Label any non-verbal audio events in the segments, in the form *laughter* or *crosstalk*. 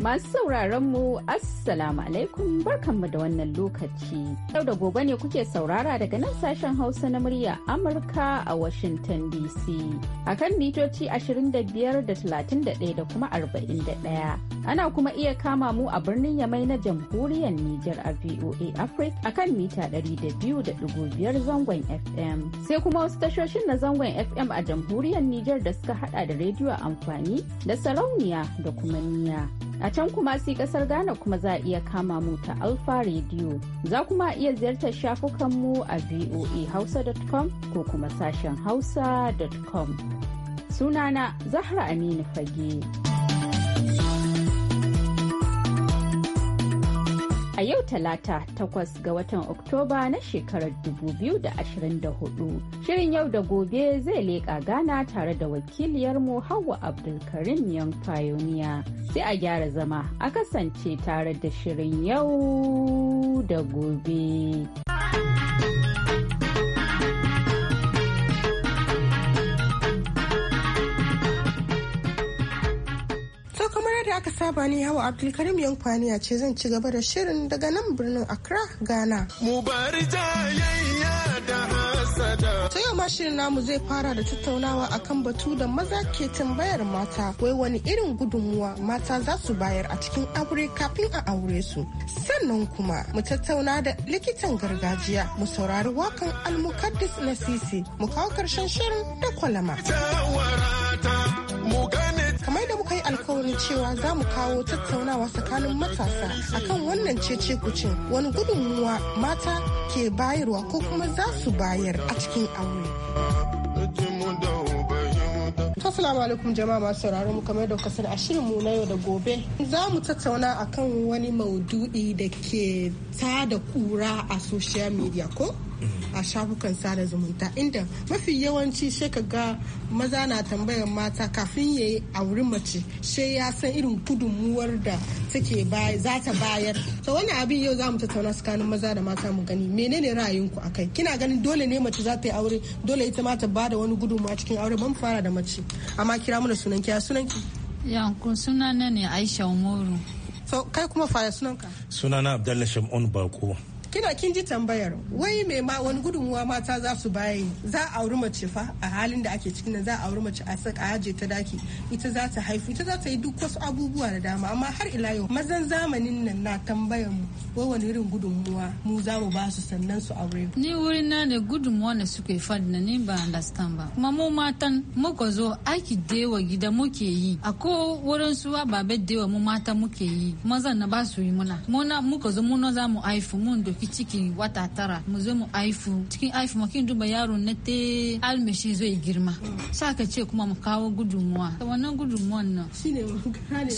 Masu sauraron mu Assalamu alaikum barkanmu da wannan lokaci. Yau da gobe ne kuke saurara daga nan sashen Hausa na murya Amurka a Washington DC. Akan mitoci 25 da 31 da kuma 41. Ana kuma iya kama mu a birnin Yamai na jamhuriyar Nijar a VOA Africa akan mita 200.5 zangon FM. Sai kuma wasu tashoshin na zangon FM a jamhuriyar Nijar da suka hada da rediyo amfani da sarauniya da kuma niya. A can kuma sai kasar Ghana kuma za a iya kama mu ta Alfa rediyo Za kuma iya ziyartar shafukan mu a voahausa.com ko kuma sashen hausa.com. Sunana Zahra Aminu Fage. a yau talata takwas ga watan Oktoba na shekarar 2024. Shirin yau da gobe zai leƙa gana tare da wakiliyar wakiliyarmu Hauwa Abdulkarim yan fayoniya Sai a gyara zama a kasance tare da shirin yau da gobe. da aka saba ni hawa Abdulkarim yan kwaniya ce zan ci gaba da shirin daga nan birnin Accra, Ghana. Mu Ta yau ma shirin namu zai fara da tattaunawa akan batu da maza ke tambayar mata wai wani irin gudunmuwa mata za su bayar a cikin aure kafin a aure su. Sannan kuma mu tattauna da likitan gargajiya mu saurari wakan almukaddis na sisi mu kawo karshen shirin da kwalama. alkawarin cewa za mu kawo tattaunawa tsakanin matasa akan wannan cece kucin wani gudunmuwa mata ke bayarwa ko kuma za su bayar a cikin aure. Assalamu alaikum jama'a masu sauraron mu kamar da kasar a shirin mu na yau da gobe. Za mu tattauna akan wani maudu'i da ke tada kura a social media ko? a shafukan sada zumunta inda mafi yawanci sai ka ga maza na tambayar mata kafin ya yi a wurin mace sai ya san irin gudunmuwar da take za ta bayar to wani abin yau za mu tattauna tsakanin maza da mata mu gani menene ra'ayinku a kai kina ganin dole ne mace za ta yi aure dole ita ma ta bada wani gudunmuwa cikin aure ban fara da mace amma kira mu da sunan ki sunan ki yankun sunana ne aisha umaru kai kuma fara sunanka sunana abdallah shamun bako kina kin ji tambayar wai me ma wani gudunmuwa mata za su bayi za a auri mace fa a halin da ake cikin za a auri mace a saka aje ta daki ita za ta haifu ita za ta yi duk wasu abubuwa da dama amma har ila yau mazan zamanin nan na tambayar mu wai wani irin gudunmuwa mu za mu ba su sannan su aure ni wurin na ne gudunmuwa ne suke fadi na ni ba understand ba kuma mu matan muka zo aiki dewa gida muke yi a ko wurin su ababe dewa mu mata muke yi mazan na ba su yi muna muna muka zo muna za mu haifu mun da ɗauki ciki wata tara mu zo mu aifu cikin aifu kin duba yaro na te almishi zai girma sa ka ce kuma mu kawo gudunmuwa ta wannan gudunmuwan nan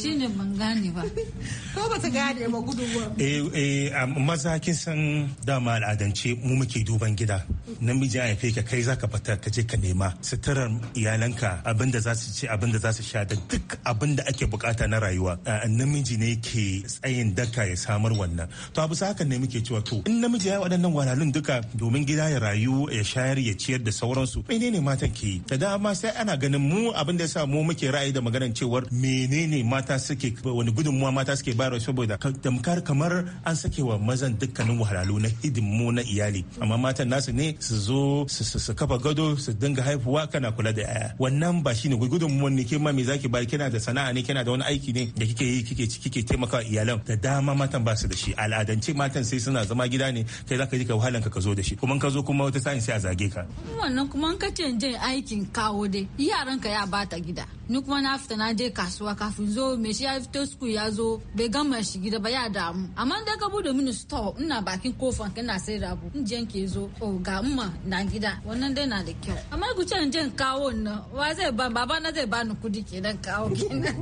shine ban gane ba *laughs* ko ba ta gane ba gudunmuwa eh, eh maza kin san dama al'adance mu muke duban gida namiji ya haife ka kai zaka fita ka je ka nema suturar iyalanka abinda za su ci abinda za su sha da duk abinda ake bukata na rayuwa namiji ne ke tsayin daka ya samar wannan to abu sa haka ne muke cewa mutu in namiji ya waɗannan wahalhalun duka domin gida ya rayu ya shayar ya ciyar da sauransu menene matan ke da dama sai ana ganin mu abin da yasa mu muke ra'ayi da magana cewar menene mata suke wani gudunmuwa mata suke bayarwa saboda damkar kamar an sake wa mazan dukkanin wahalhalu na hidimmu na iyali amma matan nasu ne su zo su kafa gado su dinga haifuwa kana kula da yaya wannan ba shine gudunmuwa ne ke ma me zaki bayar kina da sana'a ne kina da wani aiki ne da kike yi kike kike taimaka iyalan da dama matan ba su da shi al'adance matan sai suna zama ma gida ne kai zaka ji ka wahalanka ka zo da shi kuma ka zo kuma wata sa'in sai a zage ka wannan kuma ka ce je aikin kawo dai yaran ka ya bata gida ni kuma na fita na je kasuwa kafin zo me shi ya fito suku ya zo bai gama shi gida ba ya damu amma da ka bude mini store ina bakin kofan kana sai rabu in je ke zo o ga umma na gida wannan dai na da kyau amma ku ce je kawo na wa zai ba baba na zai bani kudi kenan kawo kenan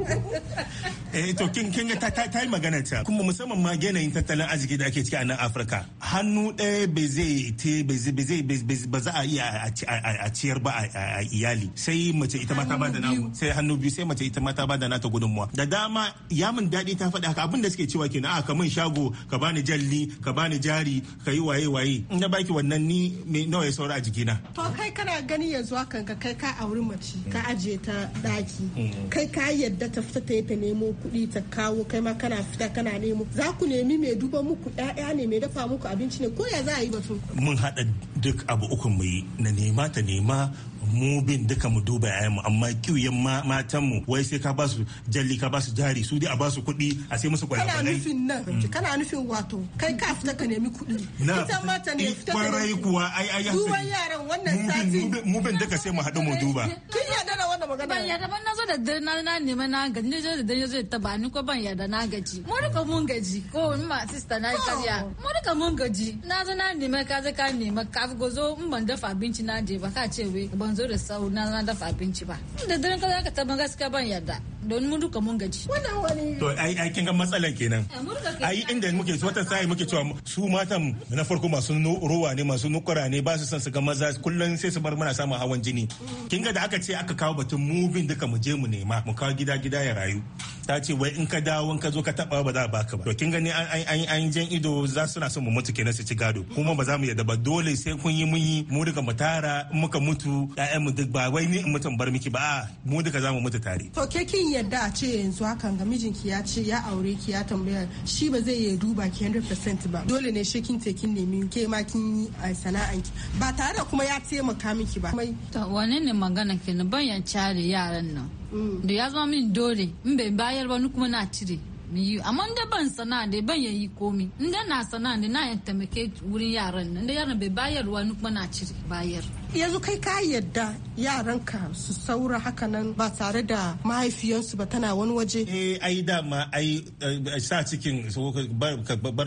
*laughs* eh to kin kin ta ta yi magana ta kuma musamman ma yanayin tattalin arziki da ake ciki a nan Afirka haka hannu ɗaya bai zai ba za a iya a ciyar ba a iyali sai mace ita ma ta bada namu sai hannu biyu sai mace ita ma ta bada nata gudunmuwa da dama ya min daɗi ta faɗi haka abin da suke cewa kenan a ah, ka min shago ka bani jalli ka bani jari ka yi waye waye in na baki wannan ni me nawa ya saura a jikina to kai kana gani yanzu haka ka kai ka auri mace ka hmm. ajiye ta daki hmm. kai ka yadda ta fita ta yi ta nemo kuɗi ta kawo kai ma kana fita kana nemo za ku nemi mai duba muku ɗaya ne mai dafa dafa muku abinci ne ko ya za a yi batun mun haɗa duk abu uku mu yi na nema ta nema mu bin duka mu duba yayan mu amma kiwiyan matan mu wai sai ka basu jalli ka basu jari su dai a basu kuɗi a sai musu kwalaba kana nufin nan mm. kana nufin wato kai ka fita ka nemi kuɗi ita mata ne fita ka nemi kuwa ai ai duba yaran wannan sati mu bin duka sai mu haɗu mu duba kin yarda da wannan magana ban yarda ban nazo da dare na na na gaji ne zo da dare zo ta ba ni ko ban yarda na gaji mu rika mun gaji ko in ma sister na oh. karya mu rika mun gaji na zo na nemi ka zo ka nemi ka gozo in ban dafa abinci na je ba ka ce wai ban zo da sau na dafa abinci ba da daren ka zaka taba gaskiya ban yarda don mun duka mun gaji wannan wani to ai ai kin ga matsalan kenan ai inda muke wata sai muke cewa su matan na farko masu rowa ne masu nukura ne ba su san su ga maza kullun sai su bar muna samun hawan jini kin ga da aka ce aka kawo batun moving duka mu je mu nema mu kawo gida gida ya rayu ta ce wai in ka dawo in ka zo ka taba ba za a baka ba to kin gani an an an jan ido za su na son mu mutu kenan su ci gado kuma ba za mu yadda ba dole sai kun yi mun yi mu duka mu tara muka mutu 'ya'yanmu duk ba wai ni in mutum bar miki ba mu duka za mu mutu tare. To ke kin yadda a ce yanzu hakan ga mijinki ya ce ya aure ki ya tambaya shi ba zai iya duba ki 100% ba dole ne shekin tekin ne min nemi ke ma kin yi sana'anki ba tare da kuma ya taimaka miki ba. To wane ne magana kenan ban yan care yaran nan. Mm. Da ya zama min dole in bai bayar ba ni kuma na cire. yi amma da ban sana da ban yayi komi inda na sana da na yan wurin yaran nan da yaran bai bayarwa ni kuma na cire bayar. yanzu kai ka yadda yaranka su saura haka nan ba tare da mahaifiyarsu ba tana wani waje eh ai dama ai eh, sa cikin ka bar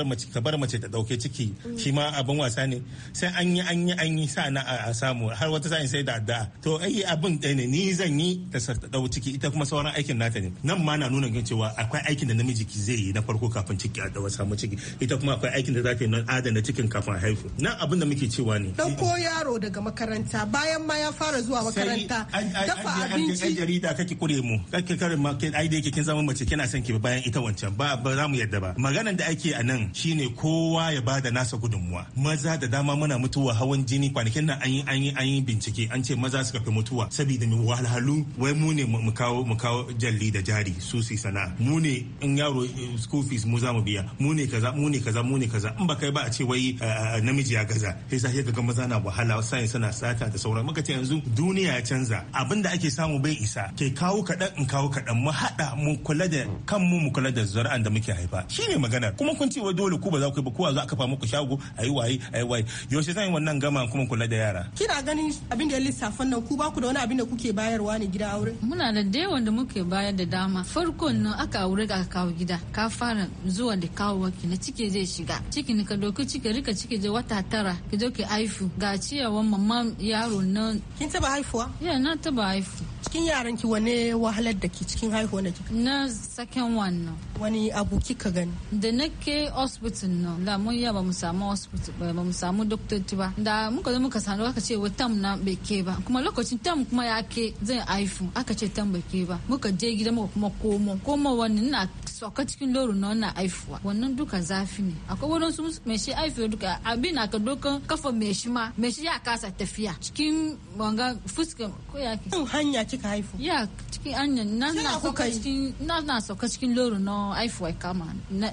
mace ta dauke ciki shi ma abin wasa ne sai an yi an yi an yi na a samu har wata sa'in sai da da to ai abin da ne ni zan yi ta dau ciki ita kuma sauran aikin nata ne nan ma na nuna gan cewa akwai aikin da namiji ki zai yi na farko kafin ciki a dawa samu ciki ita kuma akwai aikin da za yi na adana cikin kafin haihu nan abin da muke cewa ne dauko yaro daga makaranta makaranta bayan ma ya fara zuwa makaranta dafa abinci ai jarida kake kure mu kake karin ma kai ai da yake kin zama mace kina son ki bayan ita wancan ba ba za mu yadda ba maganar da ake a nan shine kowa ya bada nasa gudunmuwa maza da dama muna mutuwa hawan jini kwanakin nan an yi an yi an yi bincike an ce maza suka fi mutuwa saboda mu wahalhalu wai mu ne mu kawo mu kawo jalli da jari su su sana mu ne in yaro eh, school fees mu za mu biya mu ne kaza mu ne kaza mu ne kaza in ba kai ba a ce wai eh, eh, namiji ya gaza sai sai ga maza na wahala sai suna sata da sauran muka ce yanzu duniya ya canza abin da ake samu bai isa ke kawo kaɗan in kawo kaɗan mu haɗa mu kula da kanmu mu kula da zuri'an da muke haifa shine magana kuma kun ce wai dole ku ba za ku yi ba ko za a kafa muku shago ayi waye ayi waye yaushe zan yi wannan gama kuma kula da yara kina ganin abin da ya lissafan nan ku ba ku da wani abin da kuke bayarwa ne gida aure muna da dai wanda muke bayar da dama farkon nan aka aure ka kawo gida ka fara zuwa da kawo waki na cike zai shiga ciki ka doki ciki rika ciki je wata tara ki je ki aifu ga ciyawan mamman yaro na kin taba haifuwa ya na taba haifu cikin yaran ki wane wahalar da ke cikin haihuwa ki na second one wani abu kika gani da nake hospital no da mun ya mu samu hospital ba mu samu doctor ba da muka zo muka sanu aka ce tam na beke ke ba kuma lokacin tam kuma ya ke zai haifu aka ce tam beke ke ba muka je gida muka kuma komo komo wani na sauka cikin loro na wannan haifuwa wannan duka zafi ne akwai wani su mai shi haifuwa duka abin aka dokan kafa mai shi ma mai shi ya kasa tafiya cikin wanga fuska ko ya ke hanya kika haifu ya cikin anyan na na sauka cikin na na sauka cikin lori na haifuwa kama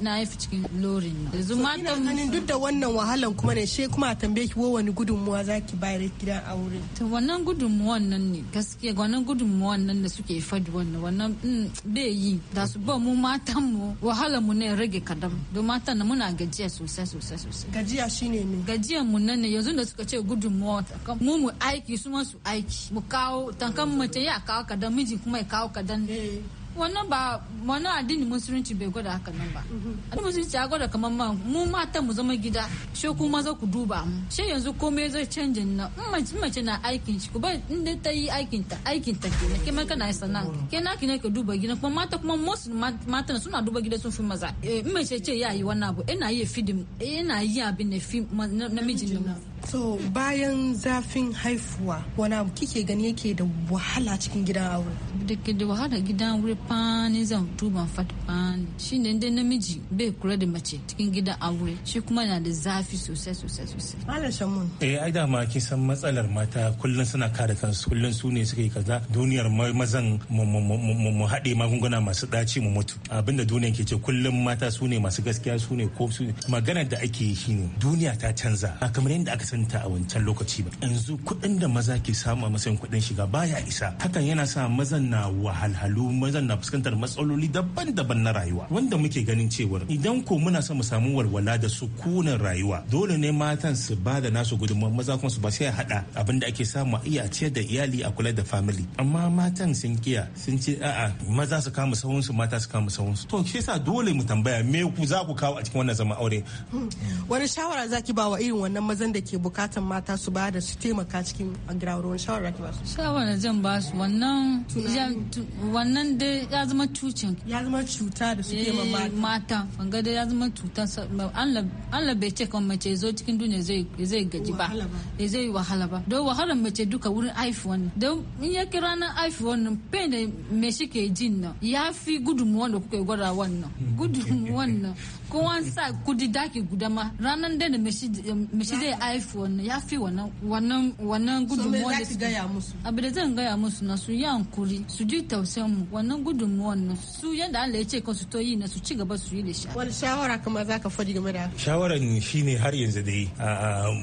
na haifu cikin lori na yanzu mata ganin duk da wannan wahalan kuma ne she kuma a tambaye ki wani gudunmuwa zaki bayar gida a wurin. to wannan gudunmuwan nan ne gaskiya wannan gudunmuwan nan da suke fadi wannan wannan mm, bai yi da su ba mu matan mu wahalan mu ne rage kadam don matan na muna gajiya sosai sosai sosai gajiya shine ne gajiyan mu nan ne yanzu da suka ce gudunmuwa mu mu aiki su ma su aiki mu kawo tankan mace ya kawo ka dan miji kuma ya kawo ka dan eh. wannan ba wannan addini musulunci bai gwada haka nan ba mhm. addini musulunci ya gwada kamar ma mu mata mu zama gida she ku maza ku duba mu she yanzu komai zai canja na in mace na aikin shi ku bai inda ta yi aikin ta aikin ta ke ke mai kana sanan ke na ki ne ka duba gida kuma mata kuma most mata suna duba gida sun fi maza eh, in mace ce ya yi wannan abu ina yi fidim ina yi abin na namijin mu so bayan zafin haifuwa wani abu kike gani yake da wahala cikin gidan aure da da wahala gidan aure fani zan tuban fat fani shi ne dai namiji bai kula da mace cikin gidan aure shi kuma na da zafi sosai sosai sosai malam shamun eh ai da ma kin san matsalar mata kullun suna kare kansu kullun su ne yi kaza duniyar mazan mu haɗe magunguna masu ɗaci mu mutu abinda duniyar ke ce kullun mata su ne masu gaskiya su ne ko su maganar da ake yi ne duniya ta canza kamar yadda aka kasanta a wancan lokaci ba yanzu kuɗin da maza ke samu a matsayin kuɗin shiga baya isa hakan yana sa mazan na wahalhalu mazan na fuskantar matsaloli daban-daban na rayuwa wanda muke ganin cewar idan ko muna son mu samu walwala da sukunan rayuwa dole ne matan su ba da nasu gudunmawar maza kuma su ba sai hada abin da ake samu a iya ciyar da iyali a kula da family amma matan sun kiya sun ce a'a maza su kama sahun su mata su kama sahun to shi yasa dole mu tambaya me ku za ku kawo a cikin wannan zama aure hmm. wani shawara zaki ba wa irin wannan mazan da ke bukatan mata su ba da su taimaka cikin agirawarwar shawara ki ba su shawara zan ba su wannan wannan dai ya zama cucin ya zama cuta da su taimaka eh, mata banga da ya zama cuta Allah bai ce kan mace zo cikin duniya zai gaji ba eh, zai wahala ba don wahala mace duka wurin aifi ne don in ya kira na aifi nan pain da me shi ke jin nan ya fi gudunmuwan da kuka gwada wannan *laughs* gudunmuwan nan kowa sa kudi daki guda ma ranar da mace zai haifu ya fi wannan wannan gudunmuwa da su gaya musu abu da zan gaya musu na su yi hankuri su ji tausayin mu wannan gudunmuwan na su yadda Allah ya ce ka su to yi na su ci gaba su yi da sha wani shawara kuma zaka faɗi game da shawaran shine har yanzu dai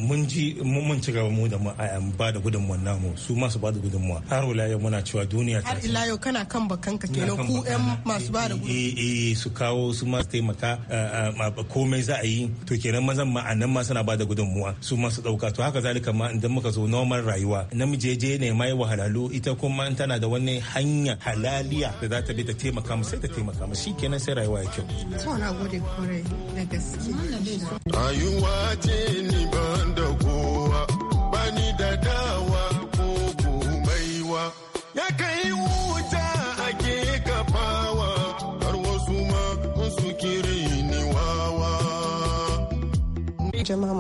mun ji mun ci gaba mu da mu ba da gudunmuwan namu su ma su ba da gudunmuwa har wala yau muna cewa duniya ta har ila yau kana kan bakanka kenan ku ɗan masu ba da eh, gudunmuwa eh, eh su kawo su ma taimaka komai za a yi to kenan mazan ma ma suna ba da gudunmuwa su ma su dauka to haka zalika ma idan muka zo normal rayuwa namiji je ne mai wahalalu ita kuma tana da wani hanya halaliya da za ta bi ta taimaka mu sai ta taimaka mu kenan sai rayuwa ya kyau to gode kore gaske rayuwa ce ni bando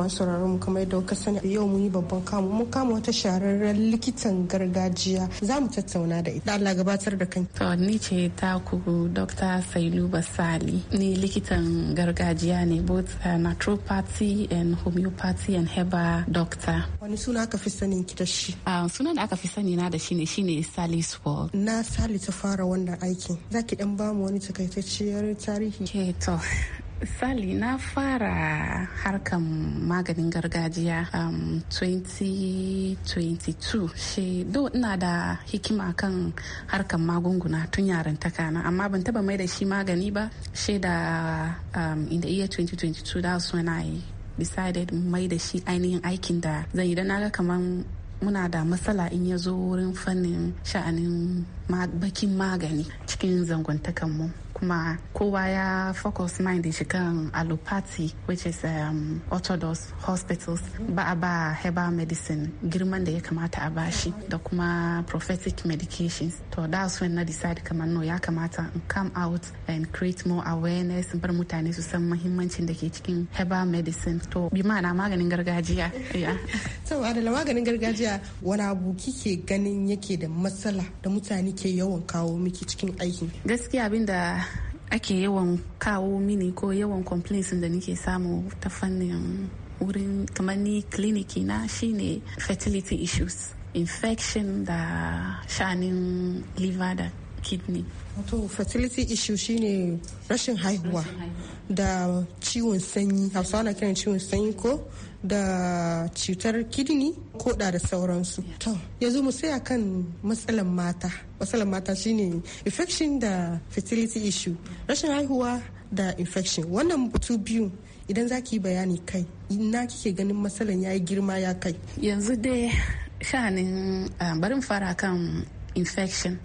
masu sauraron mu kamar yadda kuka sani yau mun yi babban kamu mun kama wata shahararren likitan gargajiya za mu tattauna da ita Allah gabatar da kan to ni ce ta ku Dr. Sailu Basali ni likitan gargajiya ne both uh, naturopathy and homeopathy and herbal doctor wani suna aka fi sanin ki da shi uh, sunan da aka fi sani na da shi ne shine Salis World na Sali ta fara wannan aikin zaki dan ba mu wani takaitacciyar tarihi ke to Sali na fara harkan maganin gargajiya um, 2022 she do ina da hikima kan harkan magunguna tun yaren takana amma ban taba mai da shi magani ba she da um, in the year 2022 that's when I decided mai da shi ainihin aikin da zan yi da naga kamar muna da matsala in ya zo wurin fannin sha'anin bakin magani cikin zangon mu kuma kowa ya focus mind shi kan allopathy which is um, orthodox hospitals ba a ba herbal medicine girman da ya kamata a bashi da kuma prophetic medications to that's when na decide kamar no ya kamata in come out and create more awareness bar mutane su san mahimmancin da ke cikin herbal medicine to bi ma'ana maganin gargajiya so *laughs* adala maganin gargajiya wani abu kike ganin yake da matsala da mutane ke yawan kawo miki cikin aikin gaskiya abinda. ake yawan kawo mini ko yawan complaints da nake samu ta fannin wurin kamar ni kliniki na shine fertility issues infection da shanin liver da kidney to fertility issue shine rashin haihuwa da ciwon sanyi hausawa na kiran ciwon sanyi ko da cutar kidney ko da da sauransu to yanzu mu sai akan matsalan mata matsalan mata shine infection da fertility issue rashin haihuwa da infection wannan mutu biyu idan za ki bayani kai na kike ganin matsalan ya yi girma ya kai yanzu dai shanin ah, barin fara kan infection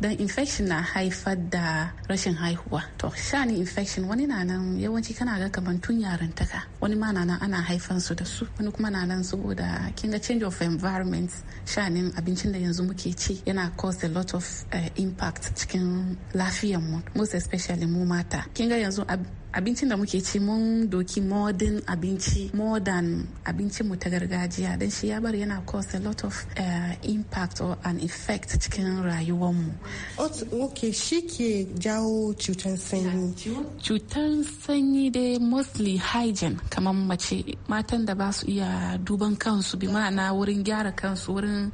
don infection na haifar da rashin haihuwa to shani infection wani na nan yawanci kana ga kaman tun yarantaka wani ma na nan ana haifan su da su wani kuma na nan saboda kinga change of environment shanin abincin da yanzu muke ci yana cause a lot of uh, impact cikin lafiyar mu most especially mu mata kinga yanzu abincin da muke ci mun doki modern abinci modern abinci mu ta gargajiya don shi ya bar yana cause a lot of uh, impact or an effect cikin rayuwarmu. ok shi ke jawo cutar sanyi cutar sanyi dai mostly hygiene kamar mace matan da ba su iya duban kansu bi ma'ana wurin gyara kansu wurin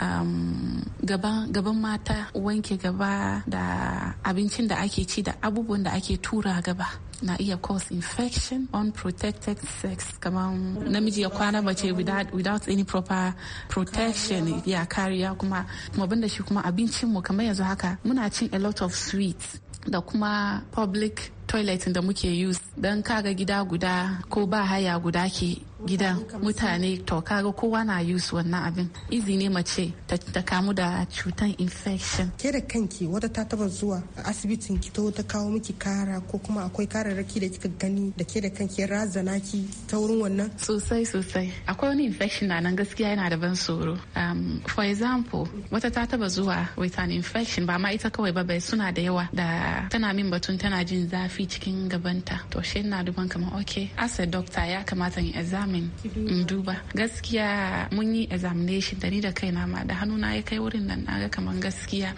um, gaban mata wanke gaba da abincin da ake ci da abubuwan da ake tura gaba na iya cause infection unprotected sex kamar namiji ya kwana mace without, without any proper protection ya kariya kuma kuma banda shi kuma abincin mu kamar yanzu haka muna cin a lot of sweets da kuma public toilet da muke use don kaga gida guda ko ba haya guda ke gida mutane to kaga kowa na use wannan abin izini mace ta kamu da cutan infection ke da kanki wata ta taba zuwa asibitin ki to ta kawo miki kara ko kuma akwai kararraki da kika gani da ke da kanki razana ki ta wurin wannan sosai sosai akwai wani infection na nan gaskiya yana da ban tsoro um, for example wata ta taba zuwa with an infection ba ma ita kawai ba bai suna da yawa da tana min batun tana jin zafi cikin gabanta to shi na duban kamar okay as a doctor ya kamata in exam in duba gaskiya mun yi examination da ni da kaina ma da hannuna ya kai wurin nan naga kamar gaskiya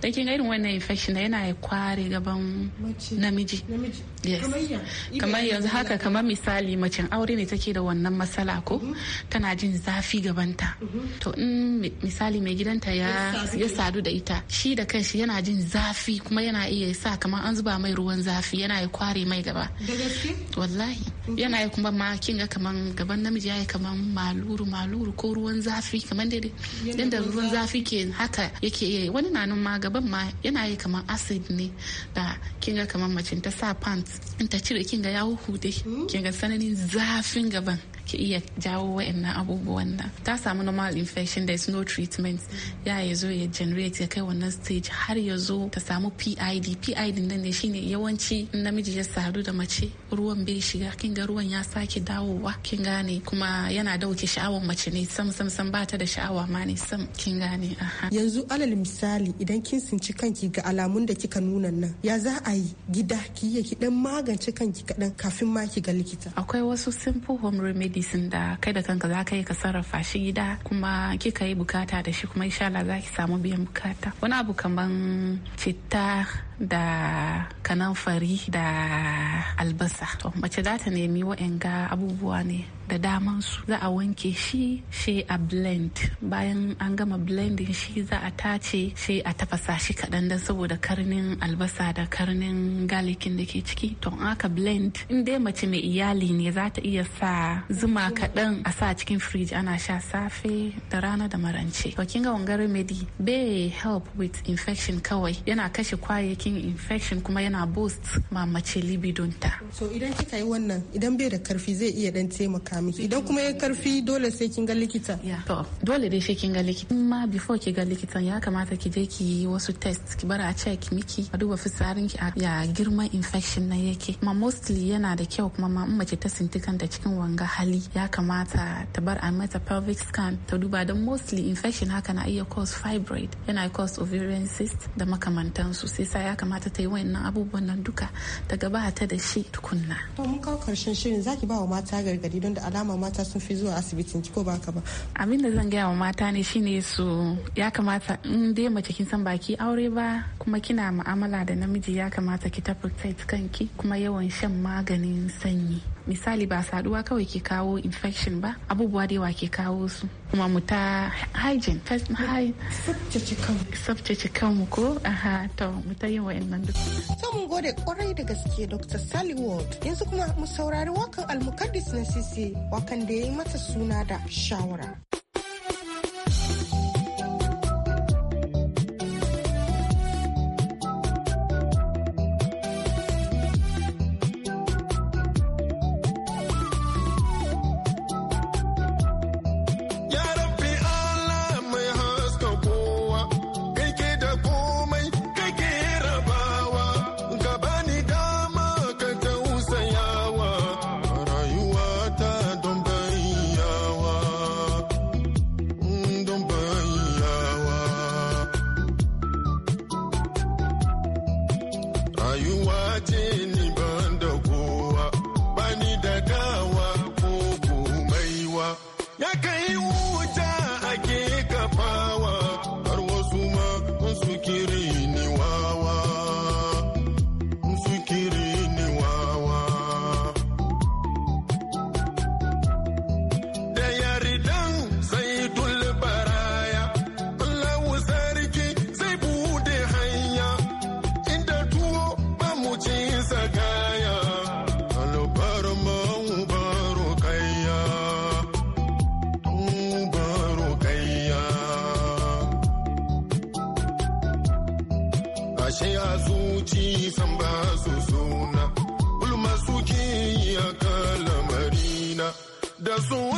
da kin irin wannan infection yana ya kware gaban namiji kamar yanzu haka kamar misali macen aure ne take da wannan matsala ko mm-hmm. tana jin zafi gabanta mm-hmm. to in misali mai gidanta ya sadu da ita shi da kanshi yana jin zafi kuma yana iya sa kamar an zuba mai ruwan zafi yana ya kware mai gaba wallahi mm-hmm. yana ya kuma ma kin ga kamar gaban namiji ya yi kamar maluru maluru ko ruwan zafi kamar dai da ruwan zafi ke haka yake iya wani na nan ma gaban ma yana yi kamar acid ne da kinga ga kamar macin ta sa pants in ta cire kinga ya hude kinga sananin zafin gaban ki iya jawo wa'annan abubuwan nan ta samu normal infection there is no treatment mm. ya ya zo ya generate ya kai wannan stage har ya zo ta samu PID PID nan ne shine yawanci namiji ya sadu da mace ruwan bai shiga kin ga ruwan ya sake dawowa kin gane kuma yana dauke sha'awar mace ne sam sam sam bata da sha'awa ma ne sam kin gane yanzu alal misali idan kin sinci kanki ga alamun da kika nuna nan ya za a yi gida ki yi ki dan magance kanki kaɗan kafin ma ki ga likita. Akwai wasu simple home remedies da kai da kanka za ka yi ka sarrafa shi gida kuma kika yi bukata da shi kuma insha Allah za ki samu biyan bukata. Wani abu kaman citta da kananfari da albasa. To mace za ta nemi ga abubuwa ne da daman su za a wanke shi shi a blend bayan an gama blending shi za a tace shi a tafasa shi kaɗan dan saboda karnin albasa da karnin galikin da ke ciki to aka blend in dai mace mai iyali ne za ta iya sa zuma kaɗan a sa cikin fridge ana sha safe da rana da marance to kin ga wangar remedy be help with infection kawai yana kashe kwayayyakin infection kuma yana boost ma mace libidonta so idan kika yi wannan idan bai da karfi zai iya dan taimaka taimaka miki idan kuma ya karfi dole sai kin ga likita to dole dai sai kin ga likita ma before ki ga likitan ya kamata ki je ki yi wasu test ki bara a check miki a duba fitsarin ki ya girman infection na yake ma mostly yana da kyau kuma ma mace ta sinti kanta cikin wanga hali ya kamata ta bar a mata pelvic scan ta duba don mostly infection haka na iya cause fibroid yana cause ovarian cyst da makamantansu sai sa ya kamata ta yi wayannan abubuwan nan duka ta gabata da shi tukunna to mun kawo karshen shirin zaki ba wa mata gargadi don da alama mata sun fi zuwa asibitin ki ko ba ka ba abin da zan gaya wa mata ne shine su ya kamata in dai mace kin san baki aure ba kuma kina ma'amala da namiji ya kamata ki tafi kanki kuma yawan shan maganin sanyi misali ba saduwa kawai ke kawo infection ba abubuwa da yawa ke kawo su kuma mu ta hygiene first hygiene tsabtace kanmu ko aha to mu ta yin wa'annan duk to mun gode kwarai da gaske Dr. Sally Ward yanzu kuma mu saurari wakan almukaddis na sisi wakan da ya yi mata suna da shawara da su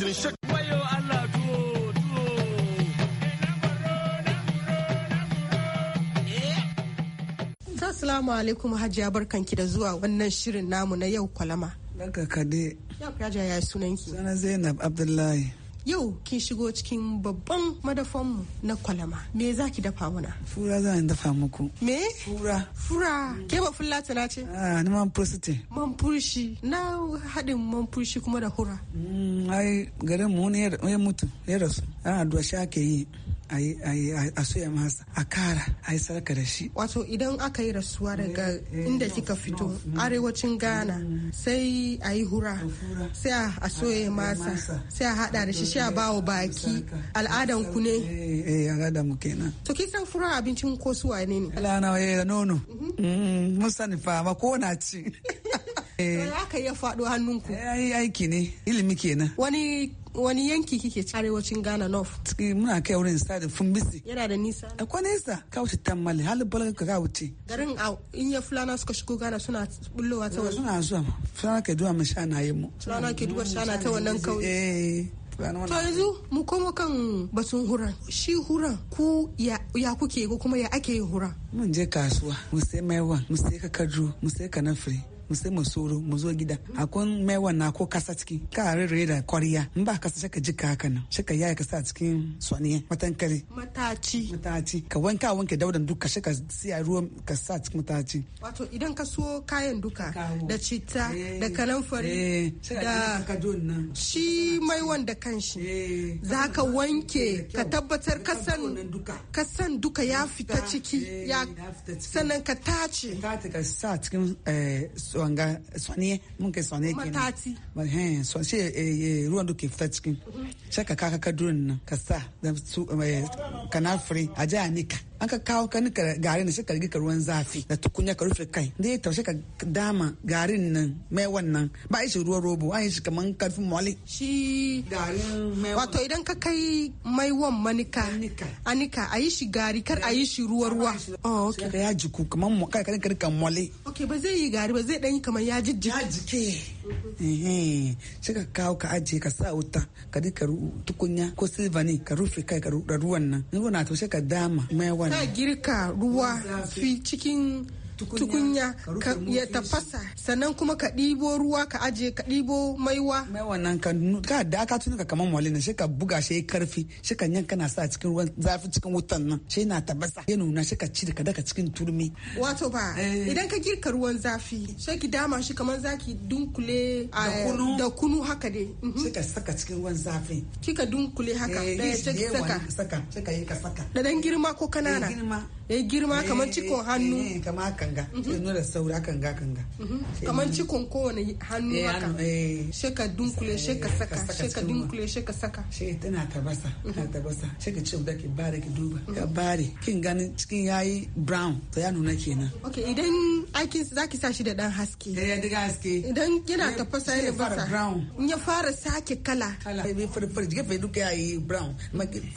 litinin shek. Assalamu alaikum hajiya barkanki da zuwa wannan shirin namu na yau kwalama. Barka kade. Ya ya sunanki. Sana Zainab Abdullahi. yau ki shigo cikin babban madafanmu na kwalama me za ki dafa mana fura za ni dafa muku me fura fura ke ba fulla tana ce ah ni man fursi man furshi na hadin man furshi kuma da hura mm, ai garin mu ne ya mutu ya rasu ana ah, addu'a shi ake yi a soya masa a kara a yi sarka da shi wato idan aka yi rasuwa daga eh, eh, inda kika fito arewacin ghana sai a yi hura sai a soya masa sai a hada da shi sai a bawo baki eh, al'adan ku ne eh al'adan mu kenan to ki san fura abincin ko su wane ne alana da nono mhm. mm, mun sani fa ma ko na ci Aka *laughs* ya faɗo hannunku ai aiki ne ilimi kenan wani wani yanki kike ci arewacin Ghana North? Muna kai wurin sa da Fumbisi. Yana da nisa. Akwai nisa. ka wuce Tamale hali balaga ka wuce. Garin a in ya Fulana suka shigo Ghana suna bullowa ta wani. Suna zuwa Fulana ke duwa mu sha na yi mu. Fulana ke duwa sha na ta wannan kauye. Eh, to yanzu mu koma kan batun huran. Shi huran ku ya kuke ko kuma ya ake yin huran? Mun je kasuwa, mu sai maiwa, mu sai kakadu, mu sai kanafri. mu sai mu soro mu zo gida akwai mai wannan ko kasa ciki ka rere da kwariya in ba kasa shaka jika haka nan shaka yaya ka sa cikin soniya matan mataci mataci ka wanka wanke daudan duka shaka siya ruwan ka sa cikin mataci wato idan ka so kayan duka da citta eh. da kalamfari eh. da shi mai wanda kanshi eh. za ka wanke ka tabbatar kasan duka ya fita ciki sannan ka tace ka sa cikin wanga soniye mun kai soniye kenan matati eh so shi eh, ruwan da ke fita cikin sai ka kaka ka durin nan ka sa da su eh, kanafri a jiya nika an ka kawo ka gaari garin da ka ka ruwan zafi da tukunya ka rufe kai da ya taushe ka dama garin nan mai wannan ba a shi ruwan robo an shi kaman karfin mɔli. shi garin mai wato idan ka kai mai manika anika a yi shi gari kar a yi shi ruwa ruwa oh okay da ya jiku ka mɔli. ok ba zai yi gari ba zai dan yi kamar ya jijjike ya kawo ka ajiye ka sa wuta ka ka tukunya ko silva ne ka rufe kai ka ruwan nan ruwan na to ka dama mai wani ka girka ruwa fi cikin tukunya ya tafasa sannan kuma ka ɗibo ruwa ka aje ka ɗibo maiwa Mai wannan ka ka da aka tuni ka kamar mawali na sai ka buga shi ya karfi sai ka yanka na sa cikin ruwan zafi cikin wutan nan sai na tafasa ya nuna sai ka cire ka daka cikin turmi wato ba eh. idan ka girka ruwan zafi sai ki dama shi kamar zaki dunkule eh, da kunu haka dai mhm. sai ka saka cikin ruwan zafi kika dunkule haka da eh, ya saka saka ka yi ka saka da dan girma ko kanana girma ya girma eh, kamar cikon eh, hannu eh, kamar kanga mhm. nuna saura kanga kanga mhm. kamar cikon kowane hannu haka shaka dunkule shaka saka shaka dunkule shaka saka shi tana tabasa tana mhm. tabasa shaka ce da ki bare ki duba ka bare kin ganin cikin yayi brown to ya nuna kenan okay idan aikin ki sa shi da dan haske eh daga haske idan yana tafasa ya basa brown in ya fara sake kala kala bai fari fari duka yayi brown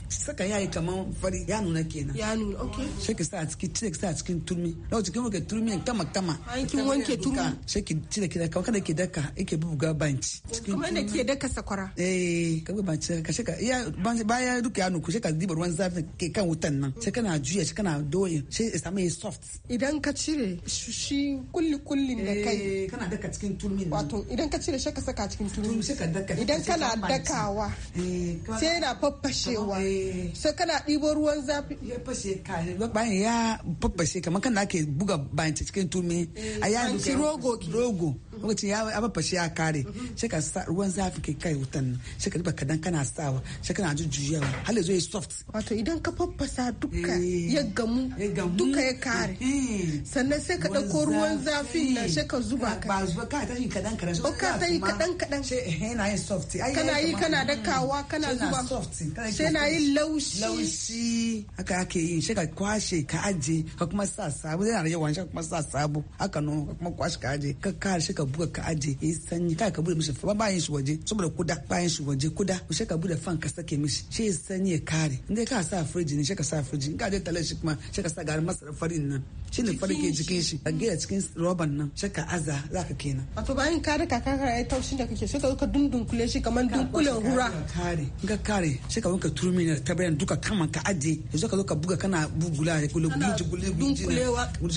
saka yayi kamar fari ya nuna kenan ya nuna okay ki sa a cikin cire ki sa a cikin turmi wuce kin wanke turmi kama kama an kin wanke turmi sai ki cire ki daka kada ki daka yake bubuga banci kuma da ke daka sakwara eh kaga banci ka ka iya banci baya duka ya nuku sai ka diba ruwan zafi ke kan wutan nan sai kana juya sai kana doye sai ya samu soft idan ka cire shi kulli kullin da kai eh, kana daka cikin turmi wato idan ka cire sai ka saka cikin turmi sai ka daka idan kana dakawa eh, sai yana faffashewa eh. sai kana ɗibo ruwan zafi ya fashe ka bayan ne ya babbashe kamar kan da ake buga bayan cikin turmi eh, a ya rogo rogo lokacin ya ba fashi ya kare sai ka sa ruwan zafi kai kai wutan sai ka riba kadan kana sawa sai kana jujjuyawa har yanzu ya soft wato idan ka faffasa duka eh, ya gamu duka ya kare eh. sannan sai ka dauko ruwan zafin na sai ka zuba ka ba zuwa ka ta yi kadan kadan sai ka ta yi kadan kadan sai eh, yana yin soft kana yi kana dakawa mm. kana zuba soft sai na yin laushi laushi haka ake yi sai ka kwashe ka aje ka kuma sa sabu yana da yawan sai kuma sa sabu haka no kuma kwashe ka aje ka kare shi ka buga ka aje yi sanyi kai ka bude mishi fa bayan shi waje saboda kuda bayan shi waje kuda sai ka bude fan ka sake mishi shi sanyi ya kare in dai ka sa firiji ne shi ka sa firiji in ka je talar shi kuma shi ka sa garin masarar farin nan shine farke jikin shi a gaya cikin roban nan sai ka aza ka kenan wato bayan ka daka ka kare taushin da kake sai ka ka dundunkule shi kamar dunkulen hura kare ka kare sai ka wanka turmi ne ta bayan duka kaman ka aje yanzu ka zo ka buga kana bugula ya kula guji guji guji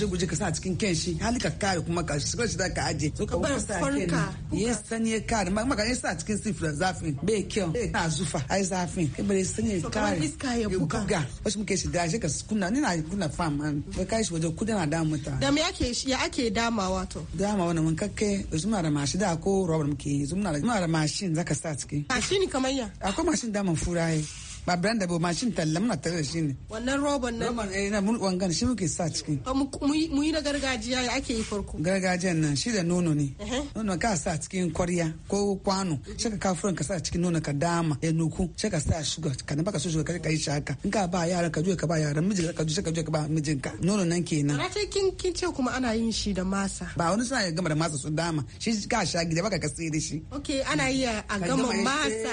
ne guji ka sa cikin shi hali ka kare kuma ka shiga shi ka aje so ka wanka sa ken ya sani ya kare ma ka sa cikin sifra zafin be kyau na zufa ai zafin ka bare sani ya kare ya buga wasu muke shiga shi ka kunna ni na kunna fam an kai shi waje tana da muta da me ake ya ake dama wato. dama wani mun kakke zuma da mashi da ko robar muke zuma da mashin zaka sa ciki mashin kamar ya akwai mashin da man fura ba brand ba mashin talla muna tare da shi ne wannan roban nan roban eh na mun wangan shi muke sa ciki mu yi na gargajiya ya ake yi farko gargajiyan nan shi da nono ne nono ka sa cikin kwarya ko kwano shi ka kafuran ka sa cikin nono ka dama ya nuku shi ka sa sugar ka na baka so sugar ka yi shi haka in ka ba yaran ka juya ka ba yaran miji ka juya ka juya ka ba mijin ka nono nan kenan na ce kin kin ce kuma ana yin shi da masa ba wani suna ya gama da masa su dama shi ka sha gida baka ka sai da shi okay ana yi a gama masa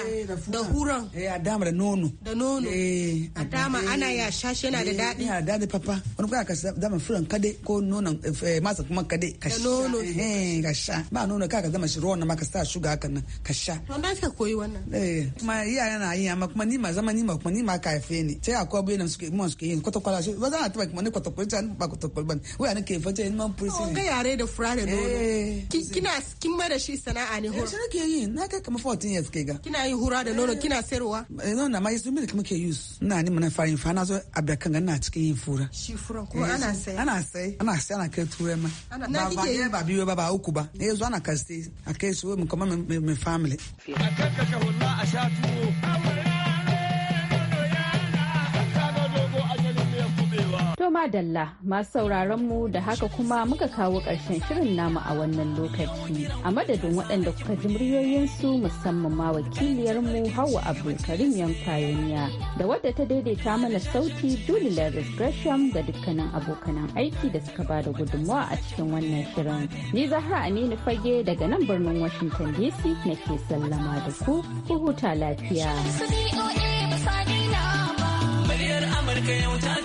da huran eh a dama da nono da nono eh, a dama eh, ana ya shashi yana da eh, daɗi yana daɗi papa wani kuma ka zama furan kade ko nonon masa kuma kade ka sha nono ka sha ba nono ka ka zama shi ruwan ma ka sa shuga haka nan ka sha to ba ka koyi wannan kuma iyaye na yi amma kuma ni ma zama ni ma kuma ni ma ka haife ni sai akwai abu yana suke mun suke yin kwata kwala shi ba za a taba kuma ni kwata kwala ni ba kwata kwala ba wai ana ke fata ni man prison yare da fura da nono kina kin ma da shi sana'a ne hura shi nake yi na kai kamar 14 years kai ga kina hura da nono kina sayarwa nono yanzu milik muke use ina ni mana fayin fa na zo a bakan na ina cikin yin fura shi fura ko ana eh, sai ana sai ana sai ana kai turai ma na kike ba biyo ba ba uku ba ne yanzu ana kaste a kai su mu kuma mai family ka a dalla masu sauraron mu da haka kuma muka kawo ƙarshen shirin namu a wannan lokaci. A madadin waɗanda kuka ji muryoyinsu musamman ma wakiliyarmu Hauwa Abdulkarim yan da wadda ta daidaita mana sauti Julie Laris Gresham da dukkanin abokan aiki da suka ba da gudunmawa a cikin wannan shirin. Ni Zahra Aminu Fage daga nan birnin Washington DC nake sallama da ku, ku huta lafiya. Muryar Amurka yau ta